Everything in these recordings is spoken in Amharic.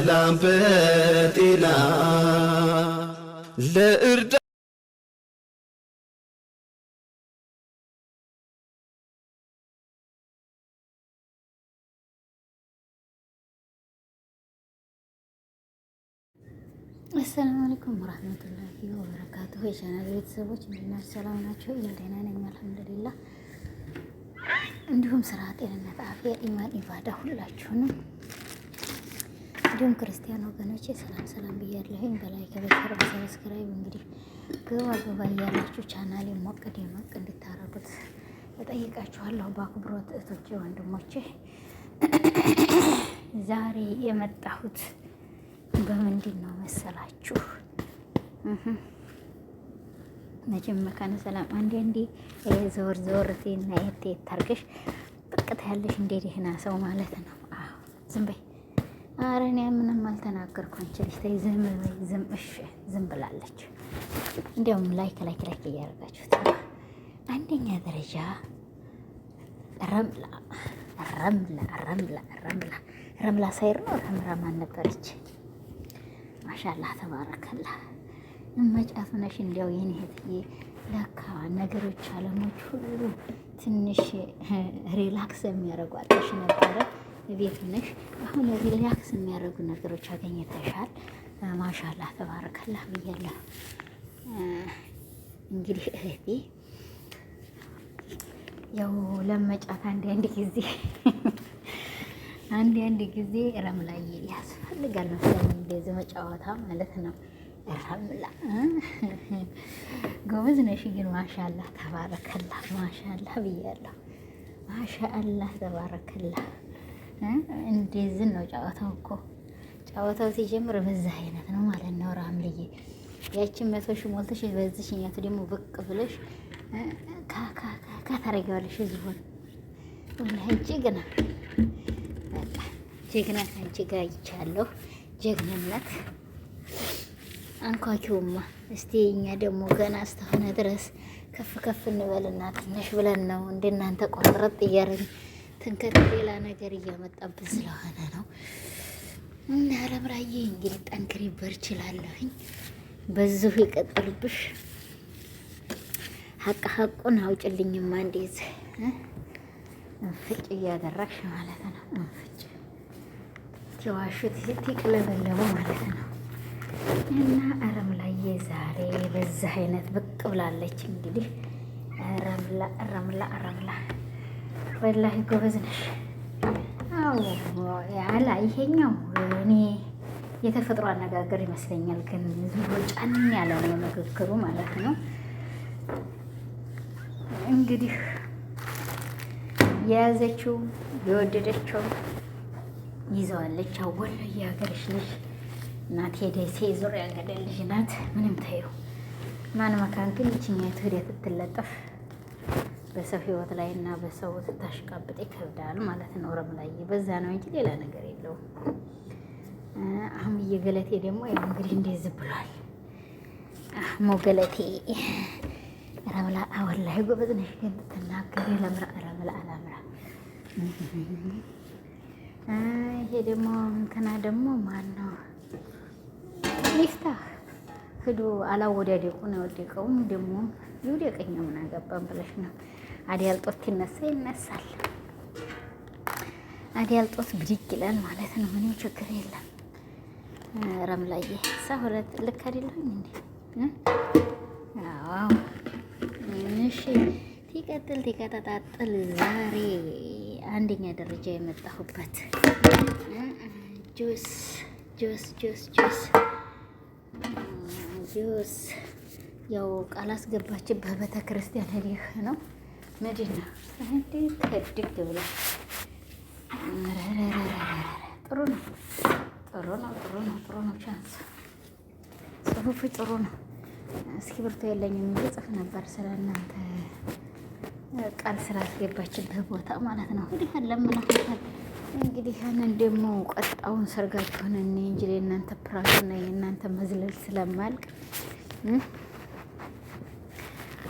በሰላም በጤና ለእርዳ አሰላሙ አለይኩም ወራህመቱላሂ ወበረካቱሁ። የቻናል ቤተሰቦች እንደምን ናችሁ? ሰላም ናችሁ? እኔ ደህና ነኝ አልሐምዱሊላህ። እንዲሁም ስራ፣ ጤንነት፣ አፍያ፣ ኢማን፣ ኢባዳ ሁላችሁንም እንዲሁም ክርስቲያን ወገኖች ሰላም ሰላም ብያለሁኝ። በላይ ከበሸር በሰብስክራይብ እንግዲህ ግባ ግባ እያላችሁ ቻናል ሞቅ ደመቅ እንድታረጉት እጠይቃችኋለሁ። በአክብሮት እህቶቼ፣ ወንድሞቼ ዛሬ የመጣሁት በምንድን ነው መሰላችሁ? መቼም መካነ ሰላም አንዴ አንዴ ዘወር ዘወር ቴና የት የት ታርገሽ ጥቅት ያለሽ እንዴ ደህና ሰው ማለት ነው። አዎ ዝም በይ ኧረ እኔ ምንም አልተናገርኩ አንቺ ልጅ ተይ ዝም በይ ዝም እሺ ዝም ብላለች። እንዲያውም ላይክ ላይክ ላይክ እያደረጋችሁት አንደኛ ደረጃ ረምላ ረምላ ረምላ ረምላ ረምላ ሳይር ነው ረምራማን ነበረች። ማሻላህ ተባረከላ መጫፍ ነሽ። እንዲያው ይህን እህትዬ ለካ ነገሮች አለሞች ሁሉ ትንሽ ሪላክስ የሚያደርጓጠሽ ነበረ ቤት ነሽ። አሁን ሪላክስ የሚያደርጉ ነገሮች አገኝተሻል። ማሻላ ተባረከላ ብያለሁ። እንግዲህ እህቴ ያው ለመጫት አንድ አንድ ጊዜ አንድ አንድ ጊዜ ረም ላይ ያስፈልጋል መሰለኝ እንደዚህ መጫወታ ማለት ነው። ረምላ ጎበዝ ነሽ ግን ማሻላ ተባረከላ ማሻላ ብያለሁ። ማሻአላህ ተባረከላህ እንደዚህ ነው ጨዋታው እኮ ጨዋታው ሲጀምር በዛ አይነት ነው ማለት ነው። ራምልዬ ያችን መቶ ሺህ ሞልተሽ በዚህኛቱ ደግሞ ብቅ ብለሽ ካታረጊዋለሽ ዝሆን ወላሂ ጀግና በቃ ጀግና ከአንቺ ጋር ይቻለሁ። ጀግንነት አንኳኪውማ እስቲ እኛ ደግሞ ገና እስከሆነ ድረስ ከፍ ከፍ እንበልና ትንሽ ብለን ነው እንደናንተ ቆርጥ እያደረግን በትንክር ሌላ ነገር እያመጣብን ስለሆነ ነው። እና ለምራዬ እንግዲህ ጠንክሪ በርችላለሁኝ። በዚሁ ይቀጥልብሽ። ሀቅ ሀቁን አውጭልኝማ እንዴት እንፍጭ እያደረግሽ ማለት ነው። እንፍጭ ትዋሹት ትቅለበለቡ ማለት ነው። እና ረምላዬ ዛሬ በዚህ አይነት ብቅ ብላለች። እንግዲህ ረምላ ረምላ ረምላ ወላሂ ጎበዝ ነሽ። አዎ ይሄኛው እኔ የተፈጥሮ አነጋገር ይመስለኛል፣ ግን ጫን ያለ ነው ንግግሩ ማለት ነው። እንግዲህ የያዘችው የወደደችው ይዘዋለች። አወሎ የሀገርሽ ልጅ ናት፣ የደሴ ዙሪያ ገደል ልጅ ናት። ምንም ታየው ማን መካን ግን ይችኛቱ ሂደት ትለጠፍ በሰው ህይወት ላይ እና በሰው ስታሽቃብጥ ይከብዳል ማለት ነው። ረም ላይ በዛ ነው እንጂ ሌላ ነገር የለውም። አህሙዬ ገለቴ ደግሞ ያው እንግዲህ እንደዚህ ብሏል። አህሙ ገለቴ ረብላ አወላ ጎበዝ ነሽ ግን ትናገሪ ለምራ ረብላ አላምራ ይሄ ደግሞ እንትና ደግሞ ማን ነው? ሚፍታህ ሂዶ አላወዳደቁን ያወደቀውም ደግሞ ይውደቀኛ ምን አገባን ብለሽ ነው። አዲያል ጦት ይነሳ ይነሳል። አዲያል ጦት ብድግ ይላል ማለት ነው። ምንም ችግር የለም። ረምላዬ ሳሁለት ልክ አይደለሁም እንዴ? አዎ። እሺ ቲቀጥል ቲቀጣጣጥል። ዛሬ አንደኛ ደረጃ የመጣሁበት ጁስ ጁስ ጁስ ጁስ ጁስ ያው ቃል አስገባች በቤተ ክርስቲያን ሄደህ ነው መዲና እንዴት ብሎ ጥሩ ነው፣ ጥሩ ነው፣ ጥሩ ነው፣ ጥሩ ነው። ቻንስ ጥሩ ነው። ነበር ቃል ስላስገባችበት ቦታ ማለት ነው። እንግዲህ እንግዲህ ያንን ደግሞ ቀጣውን ሰርጋችሁን እኔ እንጂ የእናንተ ፕራትና የእናንተ መዝለል ስለማልቅ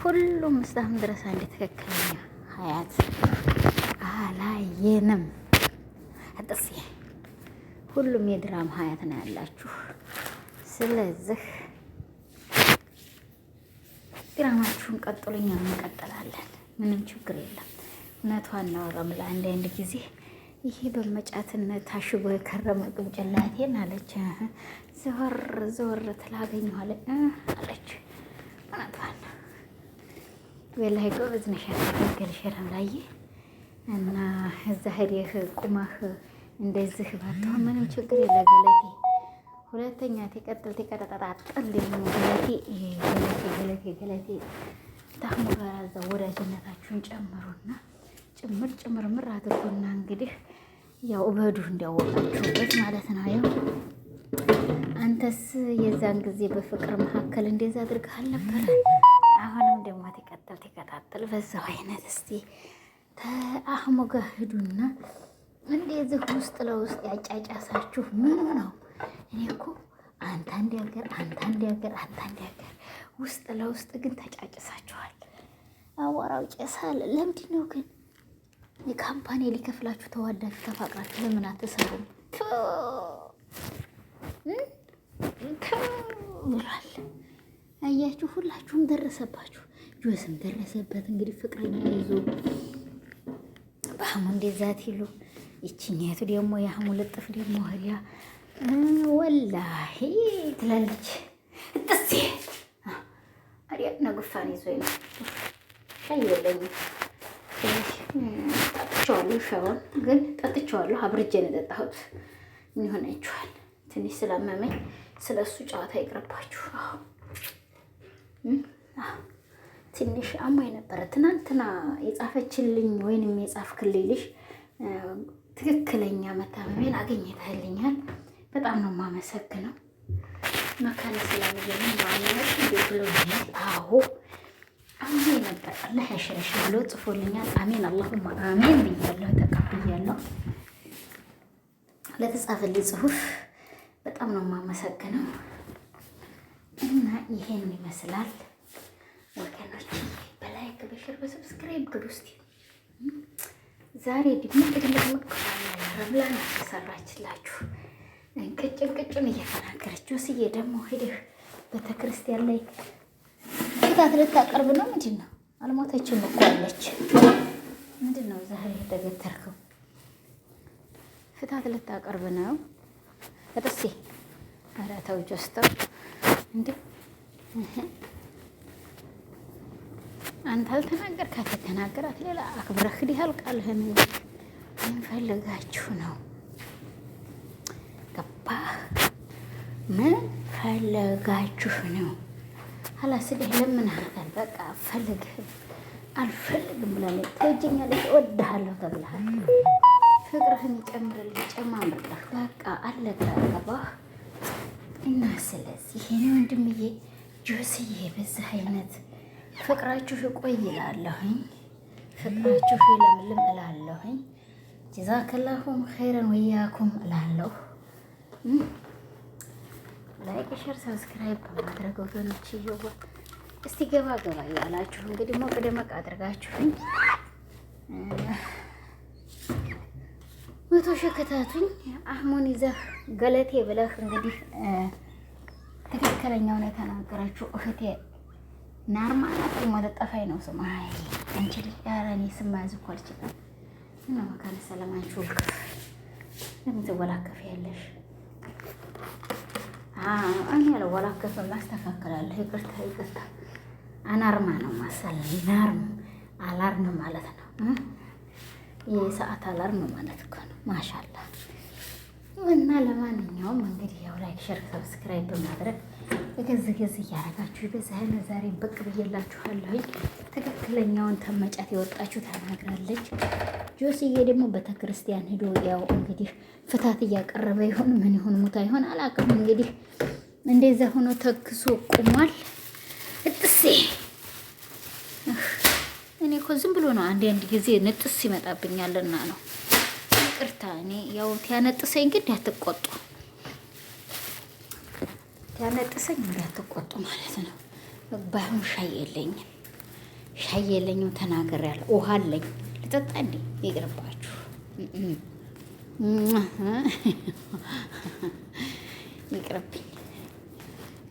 ሁሉም እስካሁን ድረስ አንድ ትክክል ሀያት አላየንም። አጥሴ ሁሉም የድራም ሀያት ነው ያላችሁ። ስለዚህ ድራማችሁን ቀጥሉ፣ እኛም እንቀጥላለን። ምንም ችግር የለም። እውነቷ አናወራም። ለአንድ አንድ አንድ ጊዜ ይሄ በመጫትነት ታሽጎ የከረመ ቅንጭላቴን አለች ዘወር ዘወር ትላገኘኋለች አለች ወላሂ ጎበዝ ነሽ አትገልሸርም ላይ እና እዛ ሄደህ ቁመህ እንደዚህ ባትሆን ምንም ችግር የለ ገለቴ። ሁለተኛ ተቀጥል ተቀጠጣጣጥል ደግሞ ገለቴ ገለቴ ገለቴ ገለቴ ታሙ ጋር እዛ ወዳጅነታችሁን ጨምሩና ጭምር ጭምርምር አድርጎና እንግዲህ ያው እበዱ እንዲያወቃችሁበት ማለት ነው። ያው አንተስ የዛን ጊዜ በፍቅር መካከል እንደዛ አድርገህ አልነበረ? አሁንም ደግሞ ሲቀጥል ሲቀጣጥል በዛው አይነት እስቲ አህሙ ጋር ሂዱና እንደዚህ ውስጥ ለውስጥ ያጫጫሳችሁ ምኑ ነው? እኔ እኮ አንተ አንድ ያገር አንተ አንድ ሀገር አንተ አንድ ያገር ውስጥ ለውስጥ ግን ተጫጭሳችኋል። አዋራው ጨሳል። ለምንድን ነው ግን ካምፓኒ ሊከፍላችሁ ተዋዳችሁ ተፋቅራችሁ ለምን አትሰሩም? ብሏል። አያችሁ፣ ሁላችሁም ደረሰባችሁ። ጆስም ደረሰበት። እንግዲህ ፍቅረኛ ይዞ በአህሙ እንደዛት ይሉ ይችኛቱ ደግሞ የአህሙ ልጥፍ ደግሞ ወዲያ ወላሂ ትላለች። ጥሴ አዲያ ነጉፋን ይዞ ነው ሻይ የለኝም ጠጥቼዋለሁ። ግን ጠጥቼዋለሁ፣ አብርጄ ነው የጠጣሁት። ይሆናችኋል? ትንሽ ስላመመኝ ስለ እሱ ጨዋታ ይቅርባችሁ። ትንሽ አማኝ ነበረ። ትናንትና የጻፈችልኝ ወይንም የጻፍክልኝ ልጅ ትክክለኛ መታመሜን አገኘታልኛል። በጣም ነው የማመሰግነው። መካነ ሰላም እየምን በአመት ብሎኛል። አዎ አማኝ ነበር። አላህ ያሽረሽ ብሎ ጽፎልኛል። አሜን አላሁማ አሜን ብያለሁ፣ ተቀብያለሁ። ለተጻፈልኝ ጽሁፍ በጣም ነው የማመሰግነው እና ይሄን ይመስላል ወገኖች በላይክ በሽር በሰብስክራይብ ግድ ውስጥ ዛሬ ድምቅ ትልቅ ምግብ ረምላን አሰራችላችሁ። እንቅጭ እንቅጩን እየተናገረች ወስዬ ደግሞ ሄደህ ቤተክርስቲያን ላይ ታት ልታቀርብ ነው። ምንድን ነው አልሞተችም እኮ አለች። ምንድን ነው ዛሬ የተገተርከው? ፍታት ልታቀርብ ነው። እጥሴ ኧረ ተው ጆስተው እንዴ አንተ አልተናገር ከተተናገራት ሌላ አክብረህ ሂደህ አልቃልህን ምን ፈልጋችሁ ነው? ገባህ? ምን ፈለጋችሁ ነው? አላስደህ ለምን አርጋል በቃ አልፈልግህም አልፈልግም ብላለች። ትሄጂኛለሽ እወድሃለሁ ተብለሃል። ፍቅርህን ጨምርልኝ ጨማምርልህ በቃ አለቀ። ገባህ? እና ስለዚህ ይሄን ወንድምዬ ጆስዬ በዚህ አይነት ፍቅራችሁ ይቆይ እላለሁኝ። ፍቅራችሁ ይለምልም እላለሁኝ። ጀዛከላሁም ኸይረን ወያኩም እላለሁ። ላይክ፣ ሸር፣ ሰብስክራይብ በማድረግ ወገኖች እየወ እስቲ ገባ ገባ እያላችሁ እንግዲህ ሞቅ ደመቅ አድርጋችሁኝ መቶ ሸከታቱኝ አህሙን ይዘህ ገለቴ ብለህ እንግዲህ ትክክለኛውን የተናገረችው እህቴ ናርማና ጥሞ ጠፋኝ ነው ስማ አንቺ ልጅ ኧረ እኔ ስማ አልችልም እና መካነ ሰላም አንቺ ውልክፍ ለምን ትወላከፍ ያለሽ? እኔ አልወላከፍም፣ አስተካክላለሁ። ይቅርታ ይቅርታ። አናርማ ነው መሰለኝ ናርም አላርም ማለት ነው። የሰዓት አላርም ማለት እኮ ነው። ማሻል እና ለማንኛውም እንግዲህ ያው ላይክ፣ ሸር፣ ሰብስክራይብ በማድረግ ገዝ ገዝ እያደረጋችሁ ይበዛህን ዛሬ ብቅ ብዬላችኋለሁ። ትክክለኛውን ተመጫት የወጣችሁ ተናግራለች። ጆስዬ ደግሞ ቤተ ክርስቲያን ሂዶ ያው እንግዲህ ፍታት እያቀረበ ይሆን ምን ይሆን ሙታ ይሆን አላውቅም። እንግዲህ እንደዛ ሆኖ ተክሶ ቁሟል። እጥሴ እኔ እኮ ዝም ብሎ ነው አንድ አንድ ጊዜ ንጥስ ይመጣብኛልና ነው ይቅርታ እኔ ያው ቲያነጥሰኝ እንግዲህ አትቆጡ፣ ቲያነጥሰኝ እንግዲህ አትቆጡ ማለት ነው። ባይሆን ሻይ የለኝም፣ ሻይ የለኝም ውሃ አለኝ ልጠጣ እንዴ? ይቅርባችሁ። ይቅርብኝ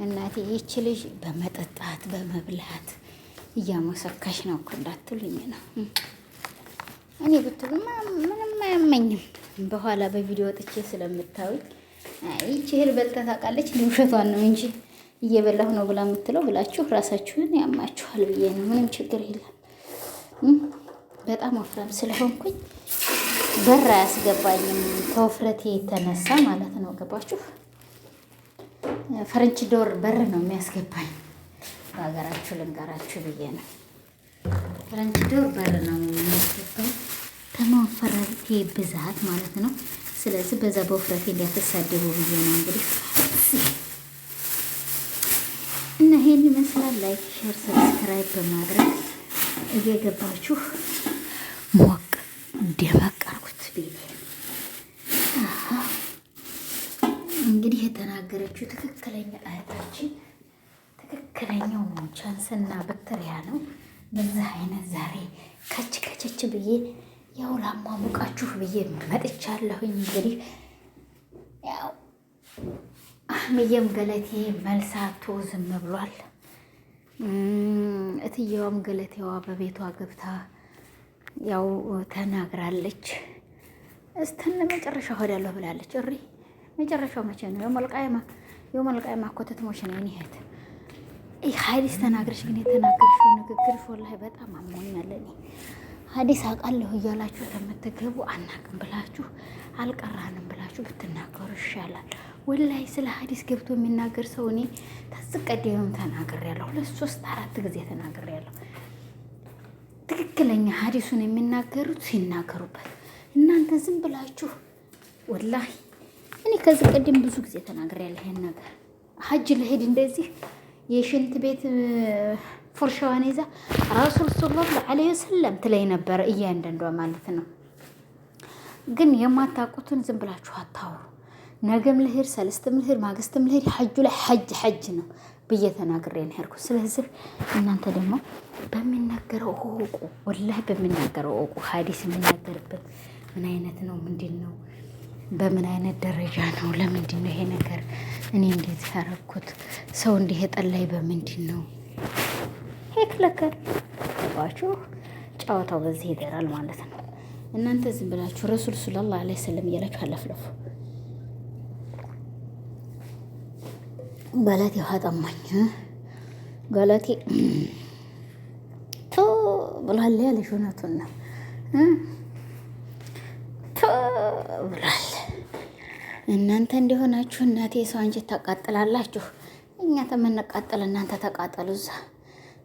እናቴ። ይች ልጅ በመጠጣት በመብላት እያመሰካሽ ነው እኮ እንዳትሉኝ ነው እኔ ብትሉ አያመኝም። በኋላ በቪዲዮ ወጥቼ ስለምታዩኝ ይቺ እህል በልታ ታውቃለች ውሸቷን ነው እንጂ እየበላሁ ነው ብላ የምትለው ብላችሁ ራሳችሁን ያማችኋል ብዬ ነው። ምንም ችግር የለም። በጣም ወፍራም ስለሆንኩኝ በር አያስገባኝም ከውፍረቴ የተነሳ ማለት ነው። ገባችሁ? ፈረንች ዶር በር ነው የሚያስገባኝ በሀገራችሁ ልንገራችሁ ብዬ ነው። ፈረንች ዶር በር ነው የሚያስገባኝ። ከመወፈረቴ ብዛት ማለት ነው። ስለዚህ በዛ በውፍረቴ እንዲያተሳደቡ ብዬ ነው እንግዲህ እና ይሄን ይመስላል። ላይክ፣ ሼር፣ ሰብስክራይብ በማድረግ እየገባችሁ ሞቅ ደመቅ አድርጉት። ቤት እንግዲህ የተናገረችው ትክክለኛ አያታችን ትክክለኛው ቻንስና በትሪያ ነው። በዛ አይነት ዛሬ ከች ከቸች ብዬ ላሟሙቃችሁ ብዬ መጥቻለሁኝ። እንግዲህ ያው አህምዬም ገለቴ መልሳቶ ዝም ብሏል። እትየዋም ገለቴዋ በቤቷ ገብታ ያው ተናግራለች። እስተነ መጨረሻ ሆዳለሁ ብላለች። እሪ መጨረሻው መቼ ነው? የመልቃይማ የመልቃይማ እኮ ተትሞሽ ነው የእኔ ይህ ሀይልሽ ተናግረሽ ግን የተናገርሽው ንግግር ወላሂ በጣም አሞኛለኝ። ሀዲስ አውቃለሁ እያላችሁ ለምትገቡ አናቅም ብላችሁ አልቀራንም ብላችሁ ብትናገሩ ይሻላል። ወላይ ስለ ሀዲስ ገብቶ የሚናገር ሰው እኔ ተዚህ ተናግሬያለሁ። ሁለት ሶስት አራት ጊዜ ተናግሬያለሁ። ትክክለኛ ሀዲሱን የሚናገሩት ሲናገሩበት፣ እናንተ ዝም ብላችሁ ወላሂ እኔ ከዚህ ቀደም ብዙ ጊዜ ተናግሬያለሁ። ይሄን ነገር ሀጅ ልሄድ እንደዚህ የሽንት ቤት ፉርሻዋን ይዛ ረሱል ሰለላሁ ዐለይሂ ወሰለም ትለይ ነበረ። እያንዳንዷ ማለት ነው። ግን የማታውቁትን ዝም ብላችሁ አታውሩ። ነገም ልሄድ፣ ሰለስትም ልሄድ፣ ማግስትም ልሄድ፣ ሐጁ ላይ ሐጅ ሐጅ ነው ብዬ ተናግሬ ነው ሄድኩ። ስለዚህ እናንተ ደግሞ በሚነገረው እወቁ፣ ወላሂ በሚናገረው እወቁ። ሐዲስ የሚናገርበት ምን አይነት ነው? ምንድን ነው? በምን አይነት ደረጃ ነው? ለምንድን ነው ይሄ ነገር እኔ እንዴት ያረኩት? ሰው እንዲህ የጠላይ በምንድን ነው? ይፍለከል ባችሁ ጨዋታው በዚህ ይደራል ማለት ነው። እናንተ ዝም ብላችሁ ረሱል ሰለላሁ ዐለይሂ ወሰለም እያላችሁ አለፍለፉ ገለቴ ውሃ ጠማኝ ገለቴ ቶ ብሏል ያለሽ እውነቱን ነው። ቶ ብሏል እናንተ እንደሆናችሁ እናቴ ሰው አንቺ ታቃጥላላችሁ። እኛ ተመነቃጠል እናንተ ተቃጠሉ እዛ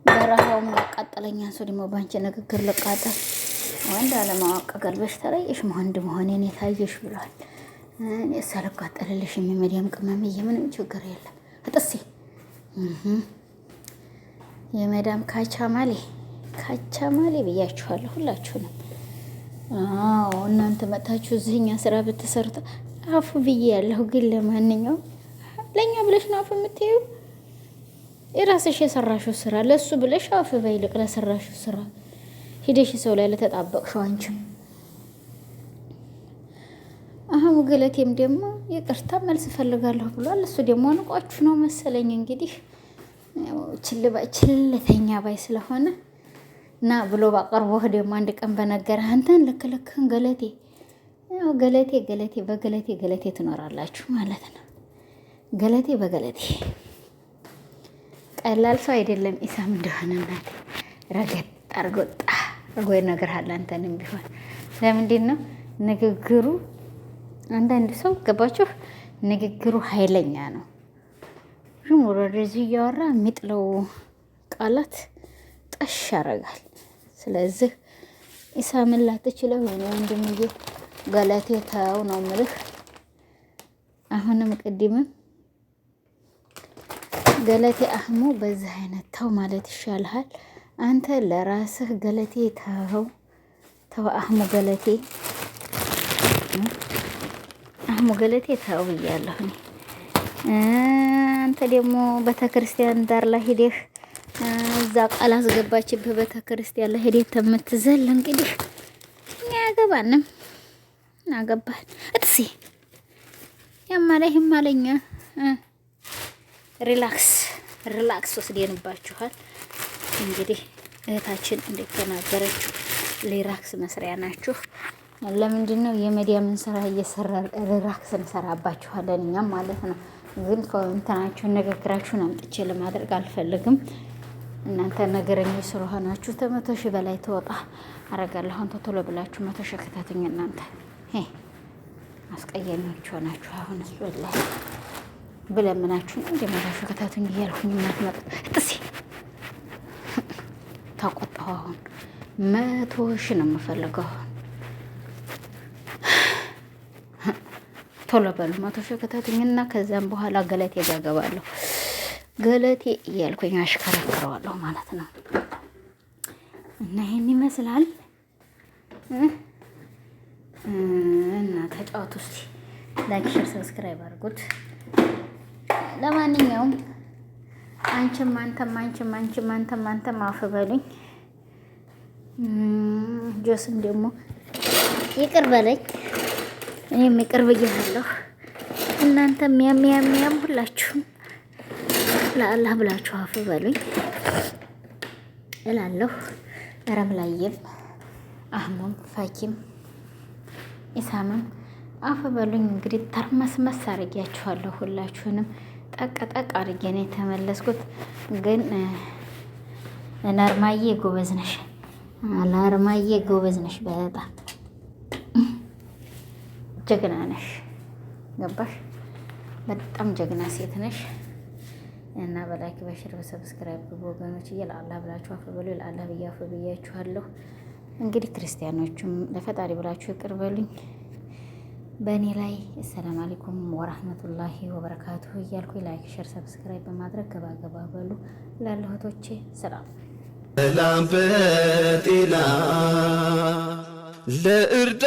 በረሃውም ላቃጠለኝ፣ ሰው ደግሞ ባንቺ ንግግር ልቃጠል። ወንድ አለማወቅ ገልበሽ ተለየሽ፣ ወንድ መሆኔን የታየሽ ብሏል። እኔ ሳልቃጠልልሽ የሚመዲያም ቅመምዬ ምንም ችግር የለም። እጥሴ የመዳም ካቻ ካቻማሌ ካቻማሌ ብያችኋለሁ ሁላችሁንም። አዎ እናንተ መጣችሁ እዚህኛ ስራ ብትሰርተ አፉ ብዬ ያለሁ ግን ለማንኛውም ለእኛ ብለሽ ነው አፉ የምትይው የራስሽ የሰራሽው ስራ ለሱ ብለሽ አፍ በይልቅ ለሰራሽው ስራ ሂደሽ ሰው ላይ ለተጣበቅሽው አንቺም አሁን ገለቴም ደግሞ ይቅርታ መልስ እፈልጋለሁ ብሏል። እሱ ደግሞ ንቋችሁ ነው መሰለኝ እንግዲህ ችልባ ችልተኛ ባይ ስለሆነ እና ብሎ ባቀርቦህ ደግሞ አንድ ቀን በነገረ አንተን ልክ ገለቴ ያው ገለቴ ገለቴ በገለቴ ገለቴ ትኖራላችሁ ማለት ነው። ገለቴ በገለቴ ቀላል ሰው አይደለም። ኢሳም እንደሆነ እናት ረገጥ አርጎጣ እርጎ ይነግርሃል። አንተንም ቢሆን ለምንድን ነው ንግግሩ? አንዳንድ ሰው ገባችሁ፣ ንግግሩ ኃይለኛ ነው። ዥሙር ወደዚህ እያወራ የሚጥለው ቃላት ጠሽ ያደርጋል። ስለዚህ ኢሳምን ላትችለው የእኔ ወንድምዬ ገለቴ ተው ነው ምልህ አሁንም ቅድምም ገለቴ አህሙ በዚህ አይነት ተው ማለት ይሻልሃል። አንተ ለራስህ ገለቴ ተው ተው፣ አህሙ ገለቴ አህሙ ገለቴ ተው ብያለሁ። አንተ ደግሞ ቤተክርስቲያን ዳር ላይ ሂደህ እዛ ቃል አስገባችብህ። ቤተክርስቲያን ላይ ሂደህ ተምትዘል እንግዲህ እኛ ያገባንም አገባን እጥሴ ያማላይ ህማለኛ ሪላክስ ሪላክስ ወስደንባችኋል። እንግዲህ እህታችን እንደተናገረችው ሪላክስ መስሪያ ናችሁ። ለምንድን ነው የመዲያምን ስራ እየሰራ ሪላክስ እንሰራባችኋለን እኛም ማለት ነው። ግን ከእንትናችሁን ንግግራችሁን አምጥቼ ለማድረግ አልፈልግም። እናንተ ነገረኞች ስለሆናችሁ ከመቶ ሺህ በላይ ተወጣ አረጋለሁ። አሁን ቶሎ ብላችሁ መቶ ሺህ ከታተኝ እናንተ አስቀያሚዎች ሆናችሁ አሁን ላይ ብለምናችሁ ነው እንደመራችሁ ከታቱኝ እያልኩኝ የማትመጡ እጥሴ ታቆጣሁ። አሁን መቶ ሺ ነው የምፈልገው። ቶሎ በሉ መቶ ሺ ከታቱኝና ከዚያም በኋላ ገለቴ ጋር እገባለሁ። ገለቴ እያልኩኝ አሽከረክረዋለሁ ማለት ነው። እና ይሄን ይመስላል እና ተጫወቱ እስኪ ላይክ፣ ሼር፣ ሰብስክራይብ አድርጉት። ለማንኛውም አንቺም አንተም አንቺም አንቺም አንተም አንተም አፍ በሉኝ፣ ጆስም ደግሞ ይቅር በለኝ፣ እኔም ይቅር ብያለሁ። እናንተም ያም ያም ያም ሁላችሁም ለአላህ ብላችሁ አፍ በሉኝ እላለሁ። ላይም አህሙም ፋኪም ኢሳምም አፍ በሉኝ። እንግዲህ ተርመስመስ አድርጊያችኋለሁ ሁላችሁንም። ጠቅ ጠቅ አድርጌ ነው የተመለስኩት። ግን ለአርማዬ ጎበዝ ነሽ፣ ለአርማዬ ጎበዝ ነሽ፣ በጣም ጀግና ነሽ። ገባሽ? በጣም ጀግና ሴት ነሽ። እና በላይክ በሽር በሰብስክራይብ ወገኖች እየ ለአላህ ብላችሁ አፍ በሉ። ለአላህ ብዬ አፍ ብያችኋለሁ። እንግዲህ ክርስቲያኖቹም ለፈጣሪ ብላችሁ ይቅር በሉኝ። በእኔ ላይ አሰላም አለይኩም ወራህመቱላሂ ወበረካቱ እያልኩ ላይክ፣ ሸር፣ ሰብስክራይብ በማድረግ ገባገባ በሉ ላለሁቶቼ ሰላም ሰላም በጤና ለእርዳ